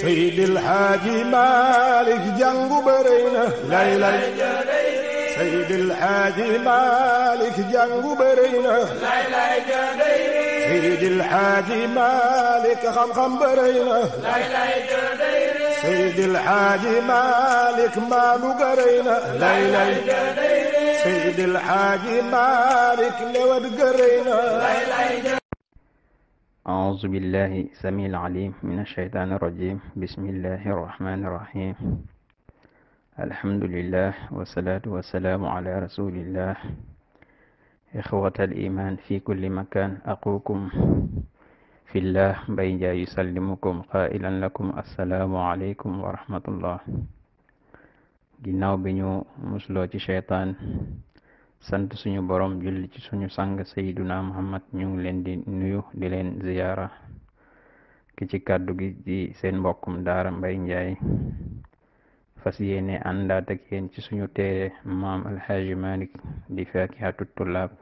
سيد الحاجي مالك جنبو برينا لاي لاي سيد الحاجي مالك جنبو برينا لاي لاي سيد الحاجي مالك خم خم برينا لاي لاي سيد الحاجي مالك مالو قرينا لاي لاي سيد الحاجي مالك لود قرينا لاي لاي أعوذ بالله سميع العليم من الشيطان الرجيم بسم الله الرحمن الرحيم الحمد لله والصلاة والسلام على رسول الله إخوة الإيمان في كل مكان أقوكم في الله بيجا يسلمكم قائلا لكم السلام عليكم ورحمة الله جناو بنيو مسلوة شيطان sant suñu borom julli ci suñu sang sayiduna muhammad ñu ngi leen di nuyu di leen ziyaara ki ci kàddu gi di seen mbokkum daara mbay njaay fas yéene àndaat ak yéen ci suñu téere maam alhaji malik di fakihatu tulaab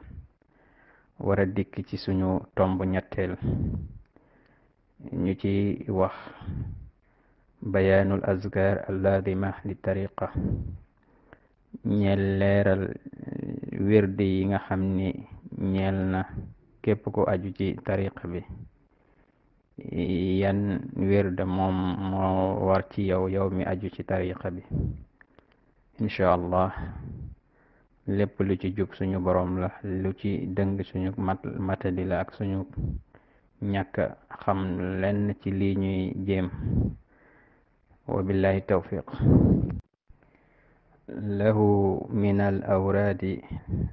war a dikk ci suñu tomb ñetteel ñu ci wax bayanul asgar alladima li tariqa ñeel leeral eh, wirdi yi nga xam ni ñeel na képp ko aju ci tariqa bi yan wirda moom moo war ci yow yow mi aju ci tariqa bi incha allah lépp lu ci jub suñu boroom la lu ci dëng suñu mat matadi la ak suñu ñàkk xam lenn ci lii ñuy jéem wa billahi tawfiq له من الأوراد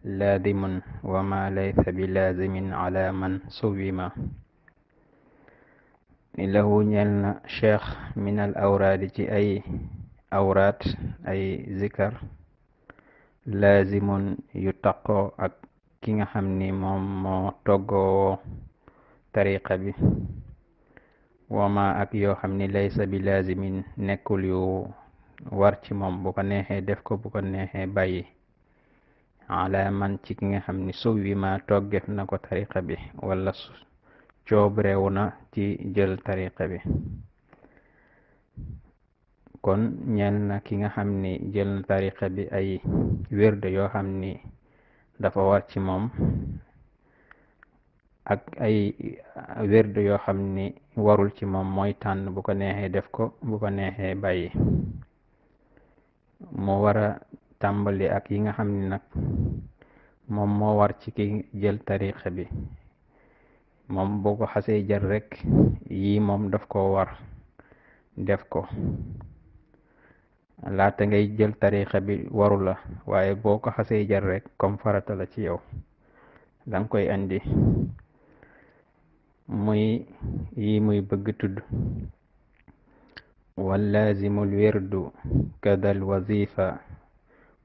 لازم وما ليس بلازم على من صوبما له نيلنا شيخ من الأوراد أي أوراد أي ذكر لازم يتقى كيغا خامني موم مو توغو طريقه بي وما اك يو خامني ليس بلازم نيكول يو war ci moom bu ko neexee def ko bu ko neexee bàyyi ala man ci ki nga xam ni suw wi ma toggeef na ko tariqa bi wala coobreewu na ci jël tariqa bi kon ñeel na ki nga xam ni jël na tariqa bi ay wérde yoo xam ni dafa war ci moom ak ay wérde yoo xam ni warul ci moom mooy tànn bu ko neexee def ko bu ko neexee bàyyi moo war a tàmbali ak yi nga xam ni nag moom moo war ci ki jël tariqa bi moom boo ko xasee jël rekk yii moom daf ko war def ko laata ngay jël tariqa bi waru la waaye boo ko xasee jël rekk comme farata la ci yow danga koy indi muy yi muy bëgg tudd واللازم الورد كذا الوظيفة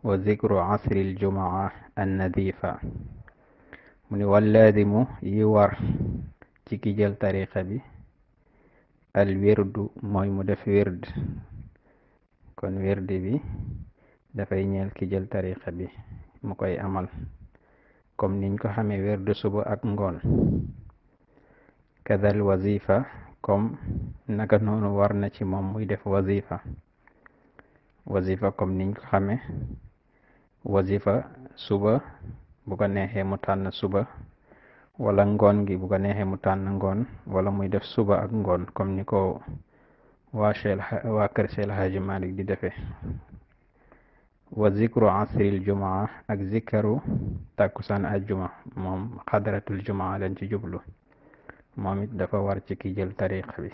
وذكر عصر الجمعة النذيفة mu ni wallaazimu yi war ci ki jël tarixa bi al mooy mu def wird kon wird bi dafay ñeel ki jël tarixa bi mu koy amal comme niñ ko xamee wird suba ak ngoon kadal wazifa comme naka noonu war na ci moom muy def wazifa wazifa comme niñ ko xame wazifa suba bu ko neexee mu tànn suba wala ngoon gi bu ko neexee mu tànn ngoon wala muy def suba ak ngoon comme ni ko waa Cheel waa kër di defee wa zikru asril jumaa ak zikaru tàkkusaan ajjuma moom xadratul jumaa lañ ci jublu moom it dafa war ci ki jël tariq bi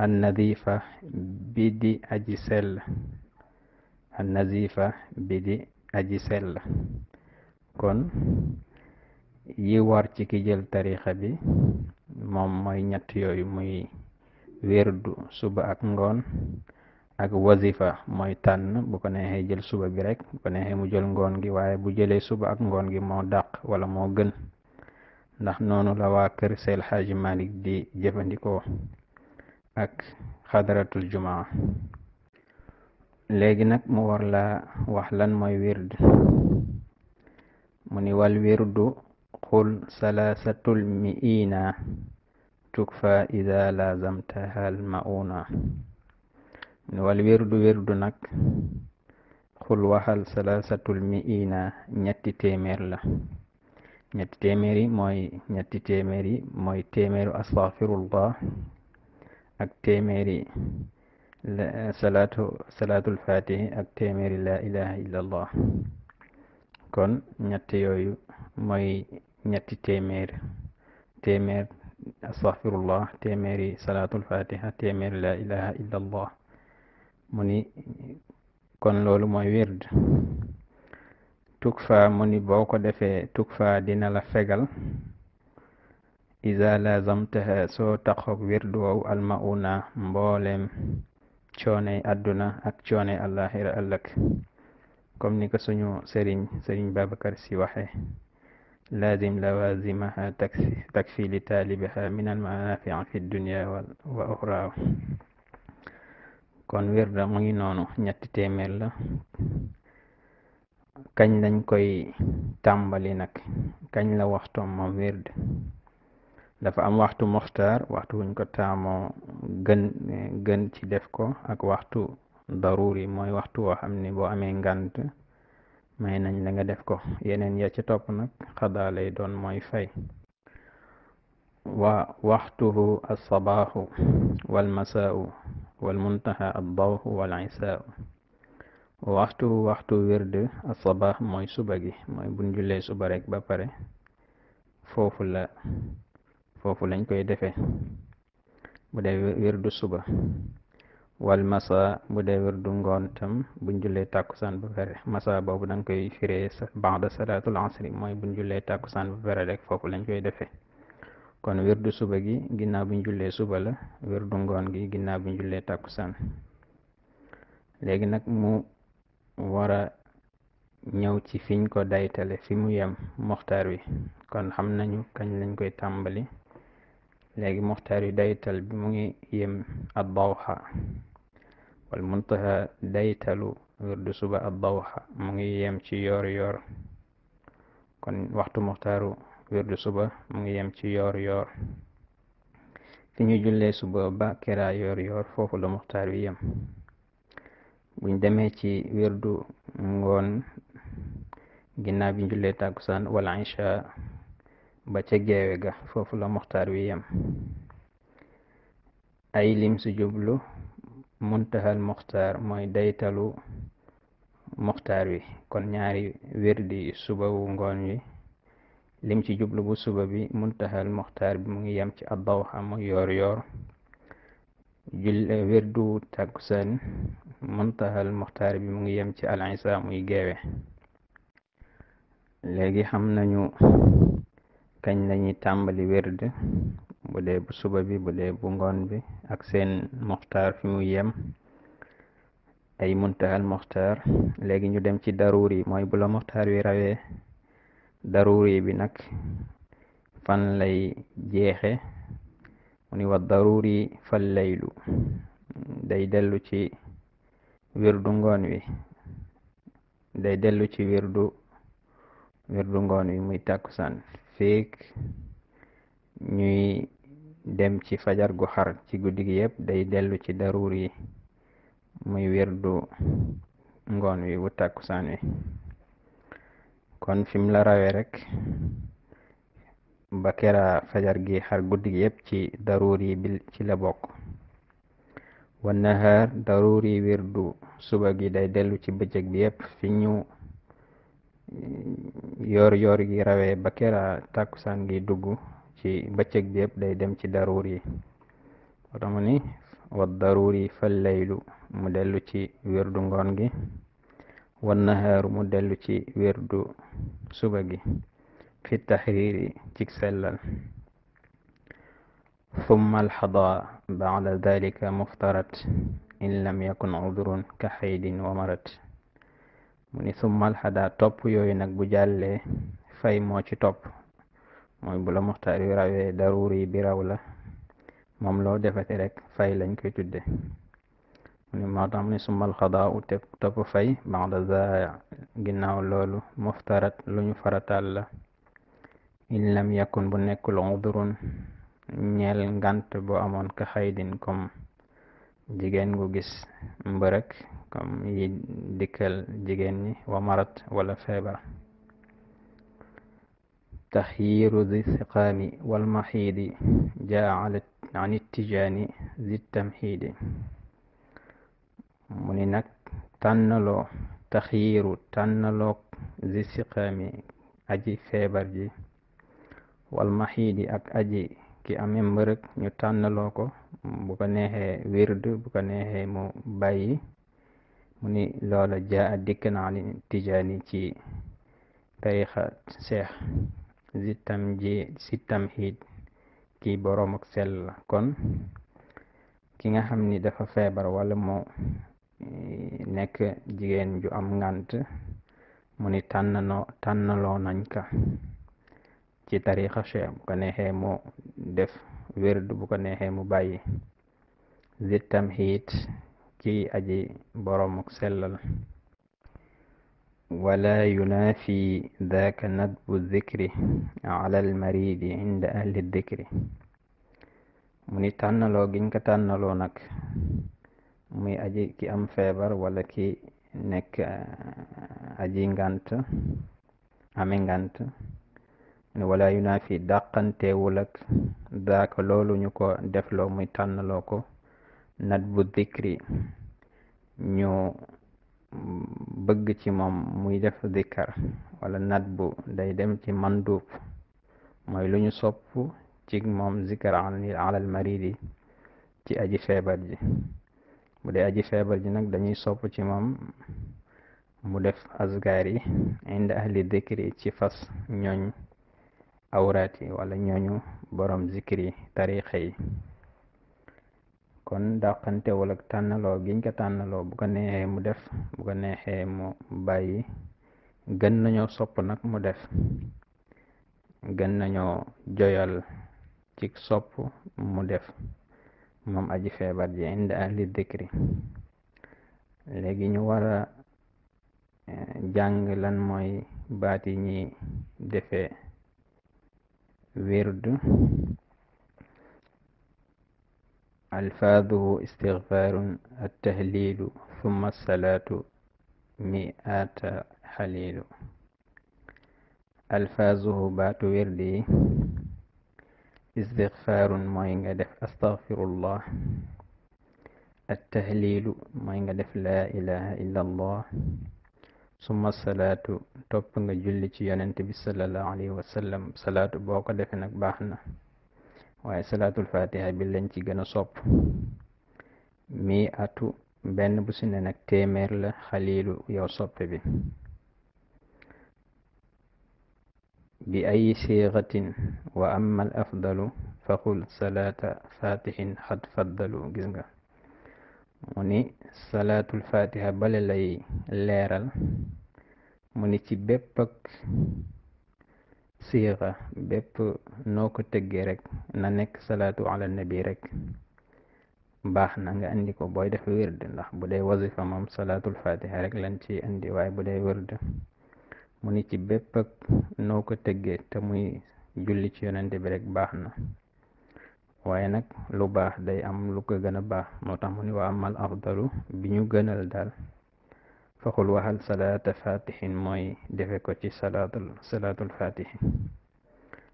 annadifa bi di aji sell annadifa bi di aji sell kon yi war ci ki jël tariqa bi moom moy ñett yooyu muy wérdu suba ak ngoon ak wazifa mooy tànn bu ko neexee jël suba bi rek bu ko neexee mu jël ngoon gi waaye bu jëlee suba ak ngoon gi moo dàq wala moo gën ndax noonu la waa kër Seydi di jëfandikoo ak xadaratul jumaa léegi nag mu war la wax lan mooy wird mu ni wal wirdu xul salaasatul miina tukfa ida lazamtahal mauna mu ni wal wirdu wirdu nag xul waxal salaasatul miina ñetti téeméer la ñetti téeméer mooy ñetti téeméer yi mooy ak téeméeri salaatu salaatul fatihi ak téeméeri la eh, ilaha illallah kon ñett yooyu mooy ñetti téeméer téeméer astaghfirullah téeméeri salaatul fatiha téeméeri la ilaha illallah mu ni kon loolu mooy wird tukfa mu ni boo ko defee tukfa dina la fegal iza lazamtaha soo taxoog wirdu woow almauna mbooleem cooney àdduna ak cooney àllaaxira ëllëg comme ni ko suñu sëriñ sëriñ Babacar si waxe lazim lawazimaha takfi li taalibiha min almanafia fi dunia wa uxraa kon wirda mu ngi noonu ñetti téeméer la kañ lañ koy tàmbali nag kañ la waxtoom moom wird dafa am waxtu muxtaar waxtu wuñ ko taamoo gën gën ci def ko ak waxtu daruri mooy waxtu woo xam ni boo amee ngant may nañ la nga def ko yeneen ya ci topp nag xadaa doon mooy fay wa waxtuhu alsabaaxu walmasaau walmuntaha aldawxu walisaau waxtu waxtu wérd asabaax mooy suba gi mooy buñ jullee suba rek ba pare foofu la foofu lañ koy defee bu dee wirdu suba wal masa bu dee wérdu ngoon tam buñ jullee tàkkusaan bu pare masa boobu dañ koy firee ba'da salaatul asri mooy buñ jullee tàkkusaan bu pare rek foofu lañ koy defee kon wirdu suba gi ginnaaw buñ jullee suba la wérdu ngoon gi ginnaaw buñ jullee tàkkusaan léegi nag mu wara ñëw ci fiñ ko daytale fi mu yem muxtaar wi kon xam nañu kañ lañ koy tàmbali léegi muxtaar wi daytal bi mu ngi yem ad dawxa wal muntaha daytalu wirdu suba ad dawxa mu ngi yem ci yoor yoor kon waxtu muxtaaru wirdu suba mu ngi yem ci yoor yoor fi ñu jullee suba ba kera yoor yoor foofu la muxtaar wi yem buñ demee ci wirdu ngoon ginnaaw bi jullee tàkkusaan wala incha ba ca geewe ga foofu la muxtaar wi yem ay lim su jublu muntahal muxtaar mooy daytalu muxtaar wi kon ñaari wirdi suba wu ngoon wi lim ci jublu bu suba bi muntahal muxtaar bi mu ngi yem ci addawxa mu yoor yoor jul wirdu takkusaan muntahal muxtaar bi mu ngi yem ci alinsa muy geewe léegi xam nañu kañ lañuy tàmbali wird bu dee bu suba bi bu dee bu ngoon bi ak seen muxtaar fi mu yem ay muntahal muxtaar léegi ñu dem ci daruri mooy bu muxtaar wi rawee daruri bi nag fan lay jeexe mu ni daruri fal laylu day dellu ci wirdu ngoon wi day dellu ci wirdu wirdu ngoon wi muy tàkkusaan feek ñuy dem ci fajar gu xar ci guddi gi yëpp day dellu ci daruur yi muy wirdu ngoon wi bu tàkkusaan wi kon fi mu la rawee rek bakera fajargi har guddigi yebci daruri cilabok wannahar daruri wirdu subagi day delu ci bëjëg bi yépp fi ñu mm, yor yor gi rawe bakera takusan gi dugg ci bëccëg bi yépp day dem ci daruri otamu ni wa daruri fallaylu mu dellu ci wirdu ngoon gi wannaharu mu dellu ci wirdu suba gi في التحرير تكسلا ثم الحضاء بعد ذلك مفترت إن لم يكن عذر كحيد ومرت من ثم الحضاء توب يوينك بجالة فاي موشي توب موي بلا مختار راوي ضروري براولة مملو دفترك فاي لنك تده من ثم ثم الحضاء توب فاي بعد ذا جناو لولو مفترت لن فرطال الله in lam yakun bu nekkul udrun ñeel ngant bu amoon ka xaydin comme jigéen gu gis mbërëk comme yi dikkal jigéen ñi wa marat wala feebar taxyiru di siqaami walmaxiidi jaa an ittijaani di tamxiidi mu ni nag tànnaloo taxyiru tànnaloog di siqaami aji feebar ji wal mahidi ak aji ki ame mbërëg ñu tànnaloo ko bu ko neexee wérd bu ko neexee mu bàyyi mu ni loola jaa dikk naa li tijaani ci tariixa seex zitam ji sitam xiit ki borom ak sell la kon ki nga xam ni dafa feebar wala mu eh, nekk jigéen ju am ngant mu ni tànnanoo tànnaloo nañ ka ci tarixa cheikh bu ko neexee mu def wérd bu ko neexee mu bàyyi zittam xiit kiy aji boromuk sellal wala yunaafi daaka nadbu zikri ala almaridi inda ahli dikri mu ni tànnaloo giñ ko tànnaloo nag mu aji ki am feebar wala ki nekk aji ngant ame ngant wala yunafi dàqanteewul ak daaka loolu ñu ko defloo muy tànnaloo ko nat bu dikri ñu bëgg ci moom muy def dikkar wala nat bu day dem ci manduub mooy lu ñu sopp ci moom zikar alal maridi ci aji feebar ji bu feebar ji nag dañuy sopp ci moom mu def asgaar yi inda ahli dikri ci fas ñooñ awraat wala ñooñu borom zikri tarixa yi kon dàqantewul ak tànnaloo giñ ko tànnaloo bu ko neexee mu def bu ko neexee mu bàyyi gën nañoo sopp nag mu def gën nañoo joyal ci sopp mu def moom aji feebar ji indi ahli dikri léegi ñu war a eh, jàng lan mooy baat yi ñi defee ورد ألفاظه استغفار التهليل ثم الصلاة مئات حليل ألفاظه بات وردي استغفار ما ينقدف أستغفر الله التهليل ما ينقدف لا إله إلا الله summa salatu top nga julli ci yonent bi sallallahu alayhi wa sallam salatu boko def nak baxna baax salatu al fatiha bi lañ ci gëna a sopp mi atu ben bu si ne nag téeméer la xaliilu yow soppe bi bi ay sighatin wa amma al afdalu faqul salata fatihin had faddalu gis nga mu ni salaatul fatiha bale lay leeral mu ni ci bépp siixa bépp noo ko tëggee rek na nekk salaatu ala nabi rek baax na nga indi ko booy def wird ndax bu dee wazifa moom salaatul fatiha rek lañ ci indi waaye bu dee wird mu ni ci bépp ak noo ko tëggee te muy julli ci yonente bi rek baax na waaye nag lu baax day am lu ko gën a baax moo tax mu ni wa amal afdalu bi ñu gënal daal faxul waxal salaata fatihin mooy defe ko ci salaatul salaatul fatihin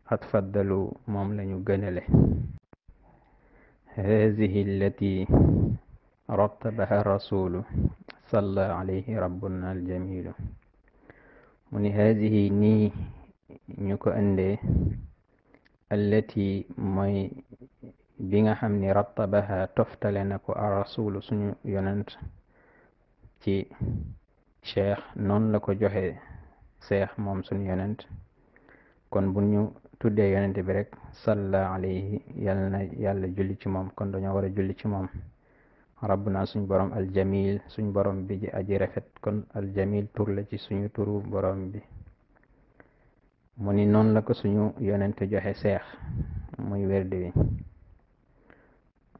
xat faddalu moom lañu gënale haadihi allati rattabaha rasulu salla alayhi rabbuna aljamilu mu ni haadihi nii ñu ko indee allati mooy bi nga xam ni rattabaha toftale na ko arrasulu suñu yonent ci cheikh noonu la ko joxe cheikh moom suñu yonent kon bu ñu tuddee yonent bi rek salla alayhi yàlla yàlla julli ci moom kon dañoo war a julli ci moom rabbuna suñ borom aljamil suñu borom bi ji aji rafet kon aljamil tur la ci suñu turu borom bi mu ni noonu la ko suñu yonente joxe seex muy werde wi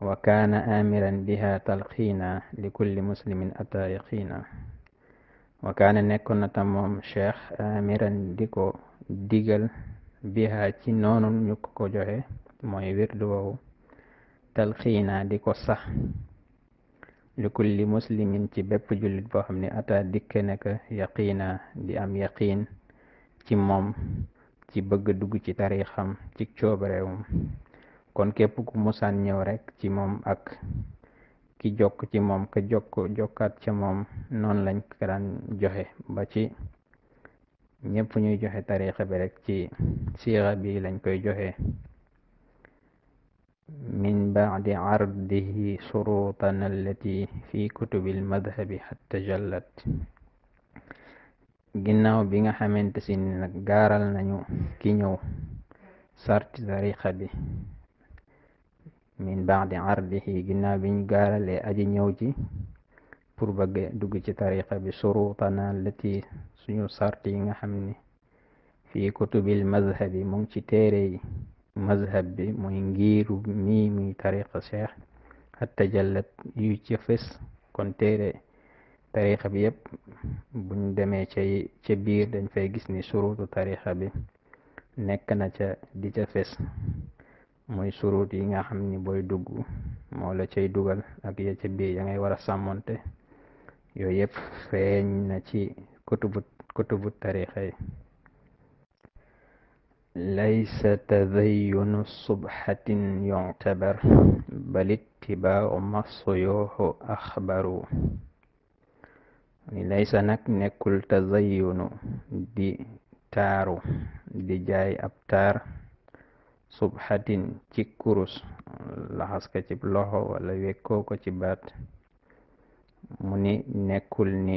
wa kaana amiran biha talxiina li kulli muslimin atayiqiina wa kaana nekkoon na tam moom cheikh di ko digal biha ci noonu ñu ko joxe mooy wirdu woowu talxiina di ko sax li kulli muslimin ci bépp jullit boo xam ni ata dikke nekk yaqiina di am yaqiin ci mom ci bëgg dugg ci tariixam ci coobarewum kon képp ku musaan ñëw rek ci mom ak ki jokk ci mom ka jokk jokkaat ci mom non lañ ko daan joxe ba ci ñëpp ñuy joxe tariixa bi rek ci siira bi lañ koy joxe من بعد عرضه شروطنا التي في كتب المذهب حتى جلت ginnaaw bi nga xamante si ni nag gaaral nañu ki ñëw sarti tariqa bi min baadi ardihi ginnaaw bi ñu gaaralee aji ñëw ci pour bëgg dugg ci tarixa bi surutana lati suñu sart yi nga xam ne fii kutubil mazhabi mu ngi ci téere yi mazhab bi muy ngiiru mi muy tariqa cheikh hatta jallat yu ci fes kon téere tarixa bi yëpp buñ demee ca ca biir dañ fay gis ni surutu tarixa bi nekk na ca di ca fes mooy surut yi nga xam ni booy dugg moo la cay dugal ak ya ca biir ya ngay war a sàmmonte yooyu yëpp na ci kutubu kutubu tarixa yi laysa tadayunu subhatin yuctabar bal ittibaau masuyuuxu axbaru mi laysa nak nekkul tazayyunu di taaru di jaay ab taar subhatin ci kurus laxas ko ci loxo wala wekkoo ko ci baat mu ni nekkul ni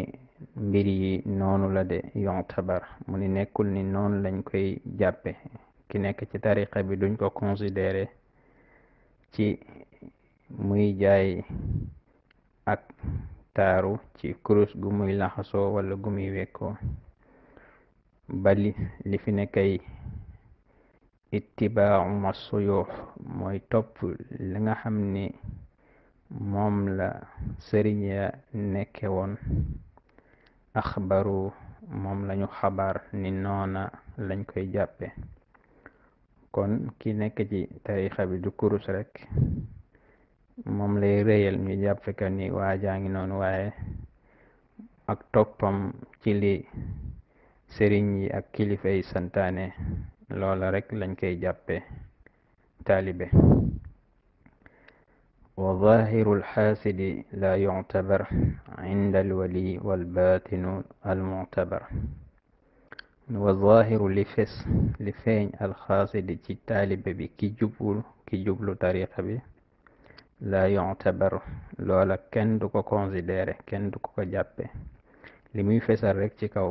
mbir yi noonu la de yontabar mu ni nekkul ni noonu lañ koy jàppe ki nekk ci tariqa bi duñ ko considéré ci muy jaay ak taaru ci kurus gu muy laxasoo wala gu muy wekkoo ba li fi nekk kay ittibaacu masuyuux mooy topp li nga xam ni moom la sëriñ ya nekke woon axbaru moom lañu xabaar ni noona lañ koy jàppe kon ki nekk ci tarixa bi du kurus rekk mom lay réyal ñu jàpp ka ni waa jaa ngi noonu waaye ak toppam ci li sëriñ yi ak kilifa yi santaane loola rek lañ koy jàppe taalibe wa zahiru alxaasidi la yuctabar inda alwali walbatinu almuctabar wa zahiru li fes li feeñ alxaasidi ci taalibe bi ki jublu ki jublu tariqa bi la yu'tabaru loola kenn du ko considéré kenn du ko ko jàppe li muy fesal rek ci kaw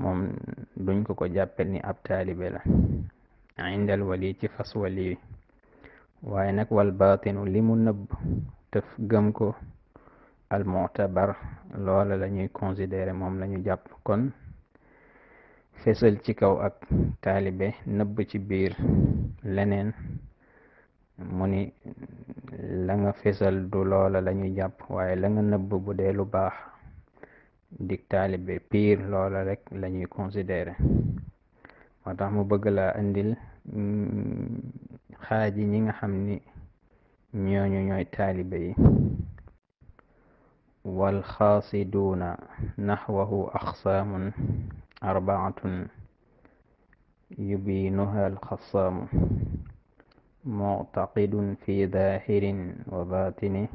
moom duñ ko ko jàppe ni ab taalibe la indal wali ci fas wali waaye nag wal baatinu li mu nëbb te gëm ko al mu'tabar loola la ñuy considéré moom la ñu jàpp kon fesal ci kaw ak taalibe nëb ci biir leneen mu ni la nga fesal du loola la ñuy jàpp waaye langa nga nëbb bu dee lu baax dig taalibe piir loola rekk lañuy ñuy considéré moo tax mu bëgg laa indil mm, xaaji ñi nga xam ni ñooñu ñooy taalibe yi walxaasiduuna naxwahu axsaamun arbaatun yubiinuha alxasaamu معتقد في ظاهر وباطن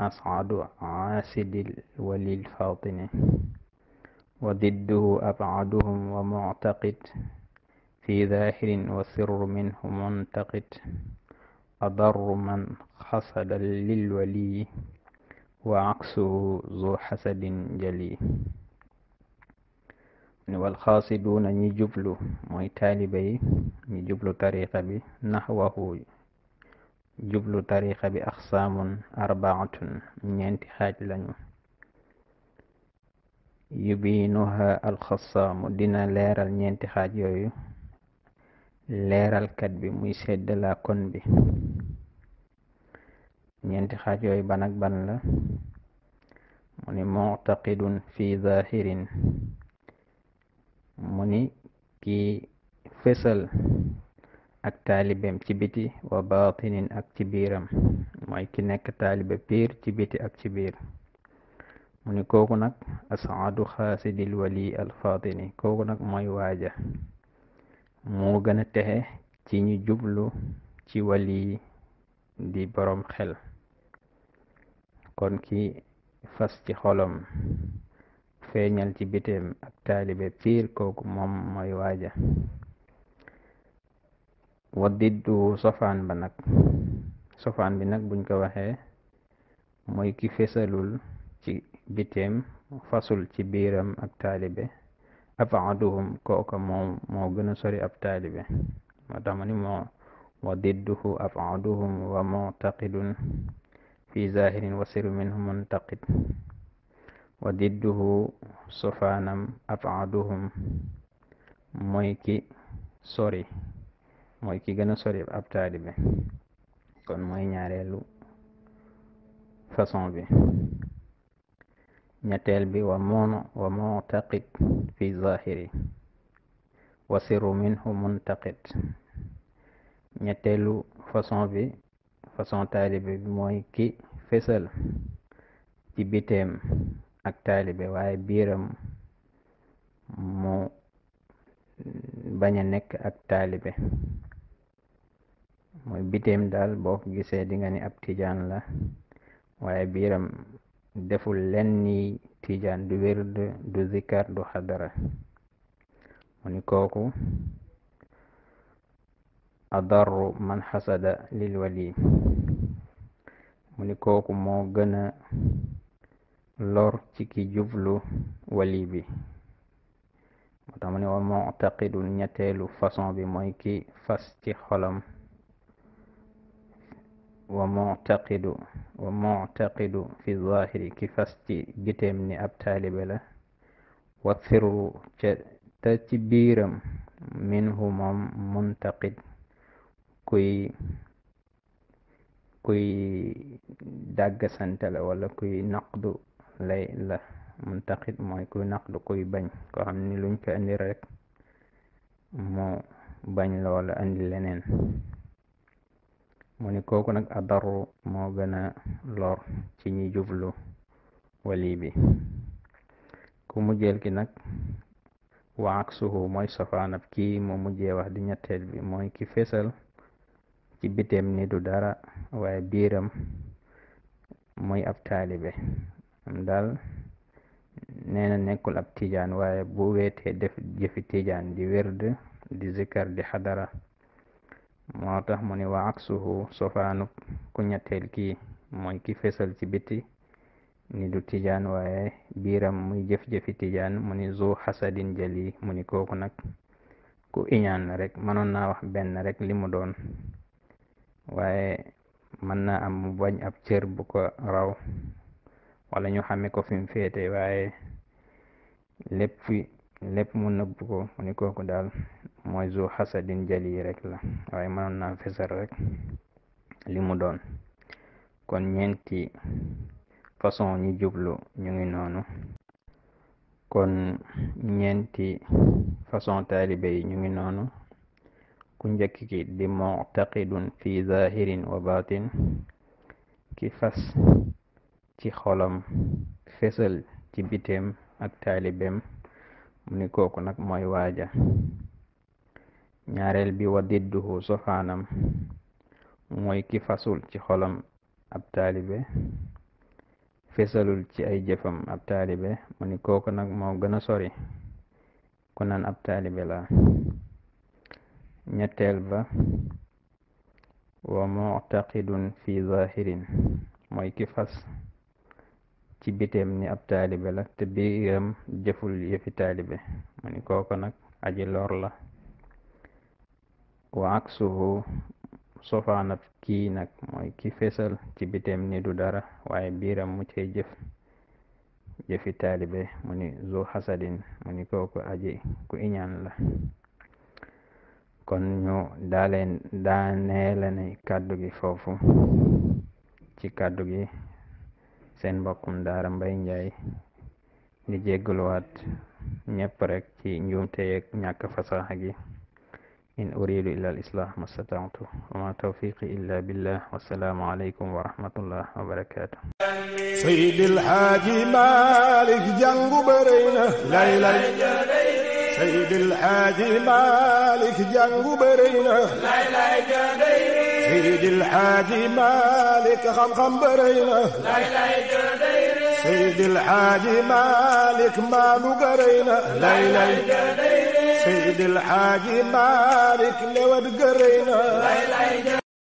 أصعد عاسد الولي الفاطن وضده أبعدهم ومعتقد في ظاهر وسر منه منتقد أضر من حسد للولي وعكسه ذو حسد جلي والخاصبون نجبلو موي طالبي نجبلو طريقة بي نحوه جبلو طريقة بي أخصام أربعة نينتي خاج لنو يبينها الخصام دينا لير نينتي خاج يوي لير الكدب موي سيد لا كون بي نينتي خاج يوي بانك بان لا موني معتقد في ظاهرين mu ni kii fësal ak taalibeem ci biti wa baatinin ak ci biiram mooy ki nekk taalibe piir ci biti ak ci biir mu ni kooku nag asaadu xaasidil wali alfaatini kooku nag mooy waaja moo gën a texe ci ñu jublu ci wali di borom xel kon ki fas ci xolom feeñal ci biteem ak taalibe piir kooku moom mooy waaja wa diddu sofaan ba nag sofaan bi nag buñ ko waxee mooy ki fesalul ci biteem fasul ci biiram ak taalibe abaaduhum kooka moom moo gën a sori ab taalibe moo tax moo wa didduhu abaaduhum wa muntaqidun fi zahirin wa siru minhu muntaqid wa didduhu sofanam afaduhum moyki sori moyki gëna sori abtaali be kon mooy ñaareelu façon bi ñetteel bi wa mono wa mutaqid fi zahiri wa siru minhu muntaqid ñetteelu façon bi façon taalibe bi mooy ki fésal ci biteem ak taalibe waaye biiram mu mm, bañ nekk ak taalibe mo biteem daal boo ko gisee di nga ni ab tijaan la waaye biiram deful lenn ni tijaan du wird du zikar du xadara mu ni kooku adarru man lil wali mu ni kooku moo lor ci ki jublu wali bi moo tax mu ne wa façon bi mooy ki fas ci xolam wa muctaqidu wa fi zahiri ki fas ci ni ab taalibe la wa sirru ca te ci biiram minhu moom muntaqid kuy kuy dàggasante la wala kuy naqdu lay la muntaqid mooy kuy naqdu kuy bañ koo xam ni luñ ko indi rek mu bañ loola indi leneen mu ni kooku nag a adaru moo gën a lor ci ñi jublu wali bi ku mujjeel ki nag wa aksuhu mooy safaanab kii mu mujjee wax di ñetteel bi mooy ki fesal ci biteem ni du dara waaye biiram mooy ab taalibe ɗum dal nena nekkol ab tidiane waya bo wiyete def jefi tidiane ɗi wirde ɗi zicar ɗi hadara moo tax mo ni wa axuhu sofanu kuñatel ki moy ki fesal ci biti ni du tidiane waye biram muy jëf jëfi tidiane mu ni zo hasadin jali mu ni kooku nag ku iñaan la rek mënoon naa wax benn rek li mu doon waaye mën naa am bañ ab cër bu ko raw wala ñu xamee ko fi féete waaye lépp fi lépp mu nëbb ko mu ni kooku daal mooy zu xasadin jali rek la waaye man naa fesal rek li mu doon kon ñeenti façon ñu jublu ñu ngi noonu kon ñeenti façon taalibe yi ñu ngi noonu ku njëkk ki di muctaqidun fi zahirin wa batin ki fas ci xolam fesal ci biteem ak taalibeem mu ni kooku nag mooy waaja ñaareel bi wa didduhu sofaanam mooy ki fasul ci xolam ab taalibe fesalul ci ay jëfam ab taalibe mu ni kooku nag moo gën a sori ku naan ab taalibe la ñetteel ba wa muctaqidun fi zahirin mooy ki fas cibbitem ni ab taalibe la te biiram jëful yëfi taalibe mu ni kooko nag aji lor la wa aksuhu sofaanab kii nag mooy ki fesal cibbitem ni du dara waaye biiram mu cay jëf jëfi taalibe mu ni zo hasadin mu ni kooko aji ku iñaan la kon ñu daaleen daaneele ni kàddu gi foofu ci kàddu gi seen mbokkum daara mbay njaay di jéggluwaat ñépp ci njuumte yeeg ñàkk fasaxa gi in uridu illa al islah mastata'tu wa ma tawfiqi illa billah wassalaamu aleykum wa rahmatullah wa سيد الحادي مالك خم خم برينا سيد الحادي مالك ما نقرينا ليلى سيد الحادي مالك لو قرينا